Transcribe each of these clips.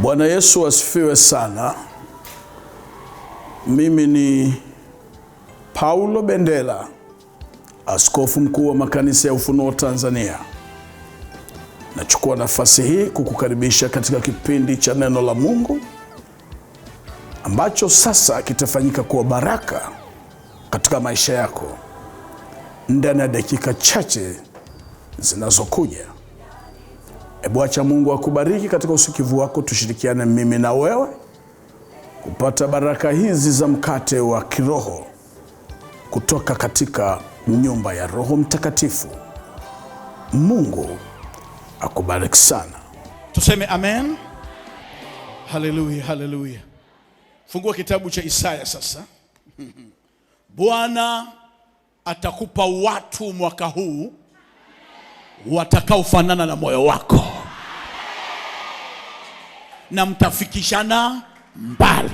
Bwana Yesu asifiwe sana. Mimi ni Paulo Bendela, askofu mkuu wa makanisa ya Ufunuo Tanzania. Nachukua nafasi hii kukukaribisha katika kipindi cha neno la Mungu ambacho sasa kitafanyika kuwa baraka katika maisha yako ndani ya dakika chache zinazokuja. Hebu acha Mungu akubariki katika usikivu wako, tushirikiane mimi na wewe kupata baraka hizi za mkate wa kiroho kutoka katika nyumba ya Roho Mtakatifu. Mungu akubariki sana. Tuseme amen. Haleluya, haleluya. Fungua kitabu cha Isaya sasa. Bwana atakupa watu mwaka huu watakaofanana na moyo wako na mtafikishana mbali.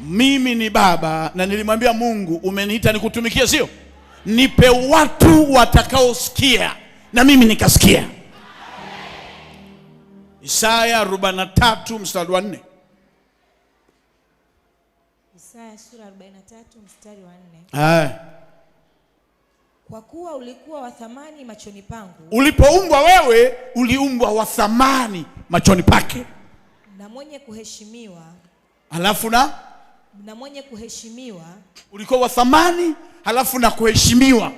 Mimi ni baba na nilimwambia Mungu, umeniita nikutumikie, sio nipe watu watakaosikia na mimi nikasikia. Isaya 43 mstari wa 4. Isaya sura 43 mstari wa 4. Kwa kuwa ulikuwa wa thamani machoni pangu. Ulipoumbwa wewe uliumbwa wa thamani machoni pake na mwenye kuheshimiwa. Alafu na na mwenye kuheshimiwa, ulikuwa wa thamani halafu na kuheshimiwa.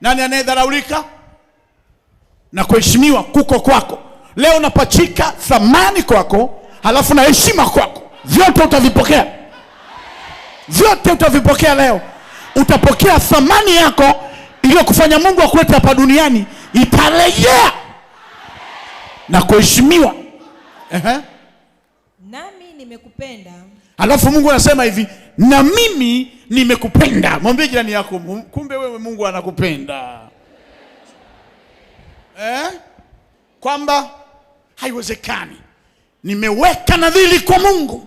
Nani anayedharaulika? Na kuheshimiwa kuko kwako. Leo napachika thamani kwako, halafu na heshima kwako, vyote utavipokea, vyote utavipokea leo. Utapokea thamani yako iliyokufanya Mungu akulete hapa duniani itarejea na kuheshimiwa. Ehe. Nami nimekupenda. Alafu Mungu anasema hivi, na mimi nimekupenda. Mwambie jirani yako, kumbe wewe Mungu anakupenda eh? Kwamba haiwezekani, nimeweka nadhiri kwa Mungu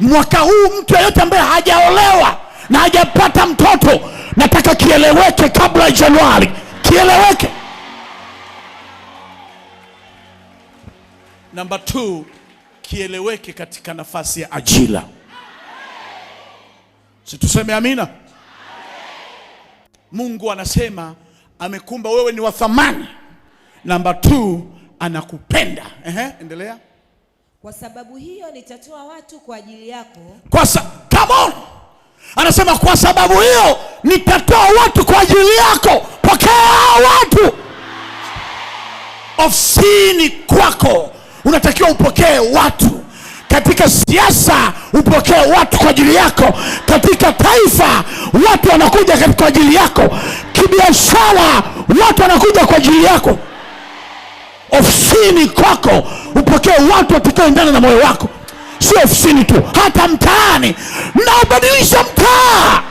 mwaka huu, mtu yeyote ambaye hajaolewa na hajapata mtoto, nataka kieleweke kabla ya Januari, kieleweke. Namba mbili, kieleweke katika nafasi ya ajira. Situseme amina. Mungu anasema amekumba wewe ni wa thamani. Namba mbili, anakupenda. Ehe, endelea. Kwa sababu hiyo nitatoa watu kwa ajili yako. Kwa sa anasema kwa sababu hiyo nitatoa watu kwa ajili yako, pokea watu. Ofisini kwako unatakiwa upokee watu, katika siasa upokee watu kwa ajili yako, katika taifa watu wanakuja kwa ajili yako, kibiashara watu wanakuja kwa ajili yako. Ofisini kwako upokee watu watakaoendana na moyo wako sio ofisini tu, hata mtaani mnaobadilisha mtaa.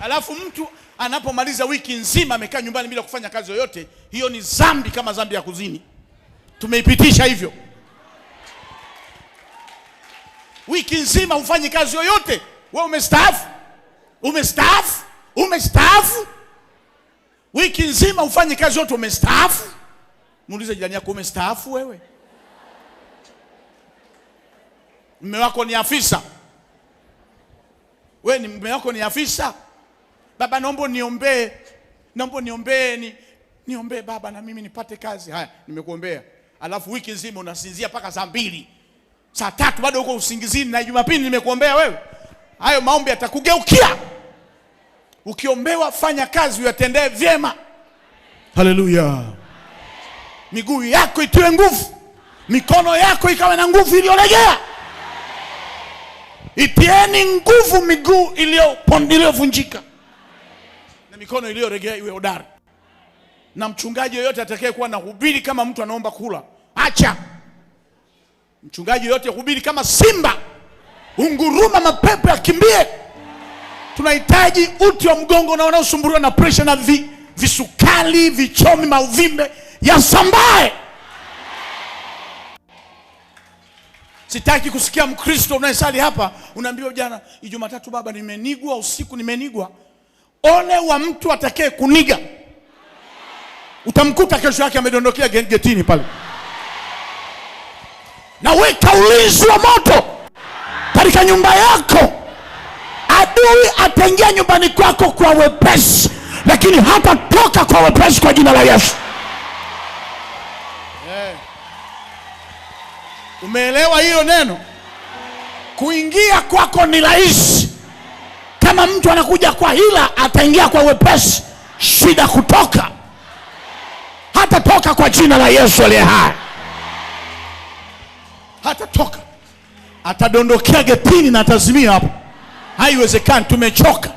Alafu mtu anapomaliza wiki nzima amekaa nyumbani bila kufanya kazi yoyote, hiyo ni dhambi kama dhambi ya kuzini. Tumeipitisha hivyo, wiki nzima hufanyi kazi yoyote. We umestaafu, umestaafu, umestaafu wiki nzima ufanye kazi yote, umestaafu. Muulize jirani yako, umestaafu wewe? Mume wako ni afisa, wewe ni mume wako ni afisa. Baba, naomba niombee, naomba niombee, ni niombee baba, na mimi nipate kazi. Haya, nimekuombea. Alafu wiki nzima unasinzia mpaka saa mbili saa tatu bado uko usingizini, na Jumapili nimekuombea wewe, hayo maombi yatakugeukia. Ukiombewa fanya kazi uyatendee vyema. Haleluya! miguu yako itiwe nguvu, mikono yako ikawe na nguvu iliyolegea. Itieni nguvu miguu iliyovunjika na mikono iliyolegea iwe hodari. Na mchungaji yoyote atakaye kuwa na hubiri kama mtu anaomba kula, acha mchungaji yoyote hubiri kama simba, unguruma, mapepo yakimbie tunahitaji uti wa mgongo na wanaosumbuliwa na presha na vi, visukali vichomi mauvimbe yasambae. Sitaki kusikia Mkristo unayesali hapa unaambiwa jana Ijumatatu, baba, nimenigwa usiku, nimenigwa. Ole wa mtu atakaye kuniga, utamkuta kesho yake amedondokea getini pale, na we kaulizwa moto katika nyumba yako. Adui ataingia nyumbani kwako kwa wepesi, lakini hata toka kwa wepesi kwa jina la Yesu. Yeah. Umeelewa hilo neno? Kuingia kwako ni rahisi. Kama mtu anakuja kwa hila, ataingia kwa wepesi. Shida kutoka, hata toka kwa jina la Yesu aliye hai, toka Atadondokea getini na atazimia hapo. Haiwezekani, tumechoka,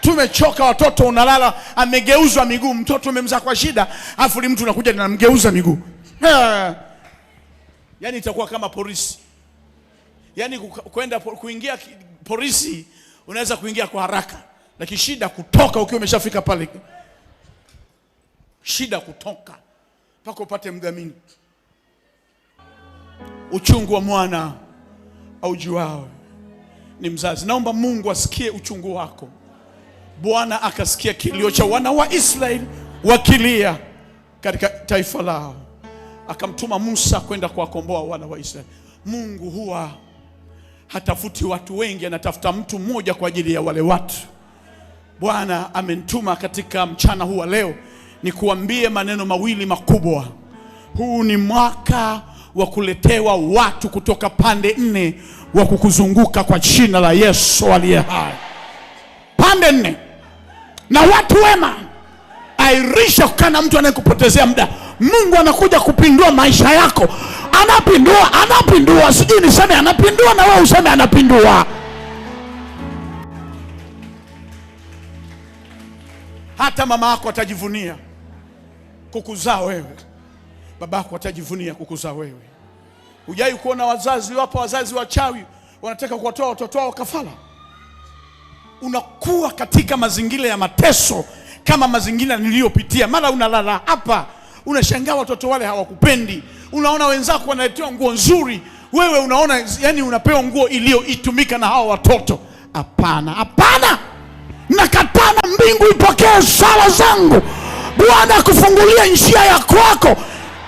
tumechoka. Watoto unalala, amegeuzwa miguu. Mtoto umemzaa kwa shida, afu mtu unakuja namgeuza miguu. Eh. Yaani itakuwa kama polisi, yaani kwenda kuingia polisi unaweza kuingia kwa haraka, lakini shida kutoka ukiwa umeshafika pale, shida kutoka mpaka upate mdhamini. Uchungu wa mwana aujuawe ni mzazi. Naomba Mungu asikie uchungu wako. Bwana akasikia kilio cha wana wa Israeli wakilia katika taifa lao, akamtuma Musa kwenda kuwakomboa wana wa Israeli. Mungu huwa hatafuti watu wengi, anatafuta mtu mmoja kwa ajili ya wale watu. Bwana amenituma katika mchana huu wa leo kuambie maneno mawili makubwa. Huu ni mwaka wa kuletewa watu kutoka pande nne wa kukuzunguka kwa jina la Yesu aliye hai. Pande nne na watu wema, airisha kukaa na mtu anayekupotezea muda. Mungu anakuja kupindua maisha yako, anapindua, anapindua, sijui niseme anapindua na wewe useme anapindua. Hata mama yako atajivunia kukuzaa wewe, baba yako atajivunia kukuzaa wewe. Hujai kuona wazazi wapo, wazazi wachawi wanataka kuwatoa watoto wao kafala. Unakuwa katika mazingira ya mateso kama mazingira niliyopitia. Mara unalala hapa, unashangaa watoto wale hawakupendi, unaona wenzako wanaletewa nguo nzuri, wewe unaona yani unapewa nguo iliyoitumika na hawa watoto. Hapana, hapana, nakatana. Mbingu ipokee sala zangu. Bwana akufungulia njia ya kwako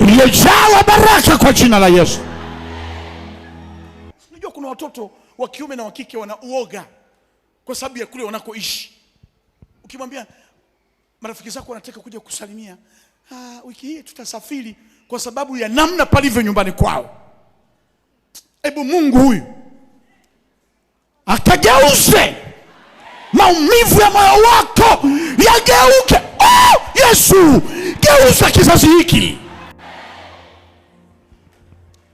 iliyojaa baraka kwa jina la Yesu watoto wa kiume na wa kike wana uoga kwa sababu ya kule wanakoishi. Ukimwambia marafiki zako wanataka kuja kusalimia, ah, wiki hii tutasafiri, kwa sababu ya namna palivyo nyumbani kwao. ebu Mungu huyu akageuze maumivu ya moyo wako yageuke. Oh, Yesu geuza kizazi hiki.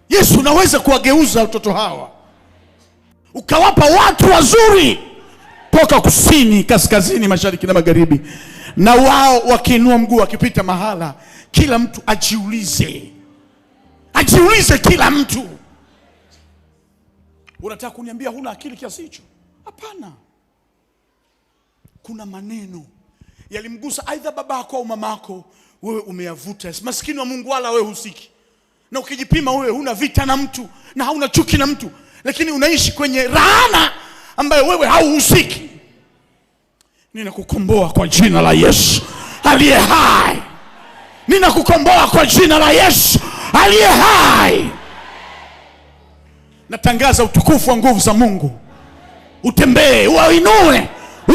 Yesu, naweza kuwageuza watoto hawa ukawapa watu wazuri toka kusini, kaskazini, mashariki na magharibi, na wao wakiinua mguu, wakipita mahala, kila mtu ajiulize, ajiulize kila mtu. Unataka kuniambia huna akili kiasi hicho? Hapana, kuna maneno yalimgusa aidha babako au mamako, wewe umeyavuta. Maskini wa Mungu, wala wewe husiki, na ukijipima wewe huna vita na mtu na hauna chuki na mtu lakini unaishi kwenye laana ambayo wewe hauhusiki. Ninakukomboa kwa jina la Yesu aliye hai, ninakukomboa kwa jina la Yesu aliye hai. Natangaza utukufu wa nguvu za Mungu, utembee uwainue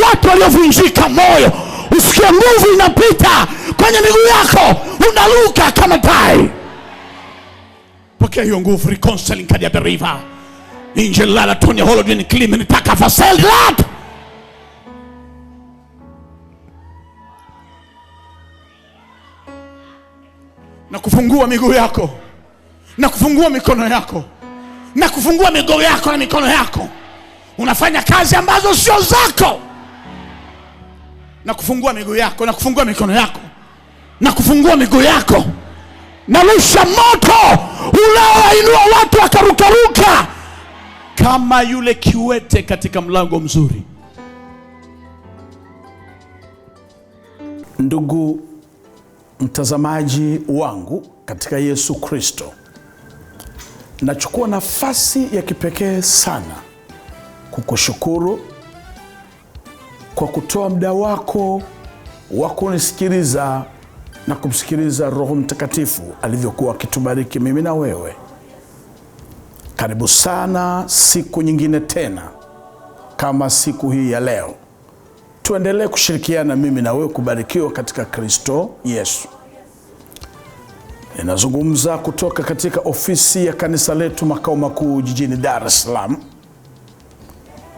watu waliovunjika moyo, usikie nguvu inapita kwenye miguu yako, unaruka kama tai. Pokea hiyo nguvu, reconciling kadi ya river Injili anatonya holo dini klima nitaka fasel that. Na kufungua miguu yako na kufungua mikono yako na kufungua miguu yako na mikono yako, unafanya kazi ambazo sio zako, na kufungua miguu yako na kufungua mikono yako na kufungua miguu yako, na lusha moto unaowainua watu wakarukaruka kama yule kiwete katika mlango mzuri. Ndugu mtazamaji wangu katika Yesu Kristo, nachukua nafasi ya kipekee sana kukushukuru kwa kutoa muda wako wa kunisikiliza na kumsikiliza Roho Mtakatifu alivyokuwa akitubariki mimi na wewe. Karibu sana siku nyingine tena kama siku hii ya leo, tuendelee kushirikiana mimi na wewe kubarikiwa katika Kristo Yesu. Ninazungumza kutoka katika ofisi ya kanisa letu makao makuu jijini Dar es Salaam,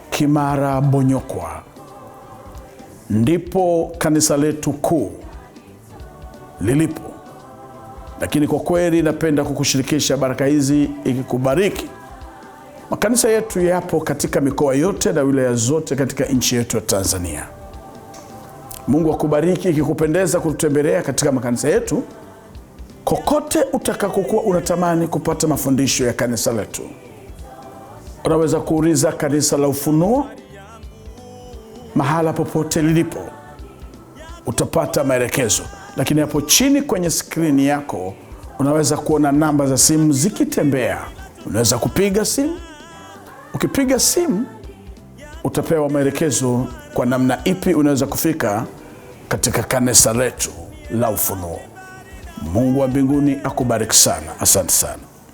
Kimara Bonyokwa, ndipo kanisa letu kuu lilipo lakini kwa kweli napenda kukushirikisha baraka hizi ikikubariki. Makanisa yetu yapo katika mikoa yote na wilaya zote katika nchi yetu ya Tanzania. Mungu akubariki ikikupendeza kututembelea katika makanisa yetu kokote utakakokuwa unatamani kupata mafundisho ya kanisa letu. Unaweza kuuliza kanisa la Ufunuo mahala popote lilipo, utapata maelekezo lakini hapo chini kwenye skrini yako unaweza kuona namba za simu zikitembea, unaweza kupiga simu. Ukipiga simu utapewa maelekezo kwa namna ipi unaweza kufika katika kanisa letu la Ufunuo. Mungu wa mbinguni akubariki sana, asante sana.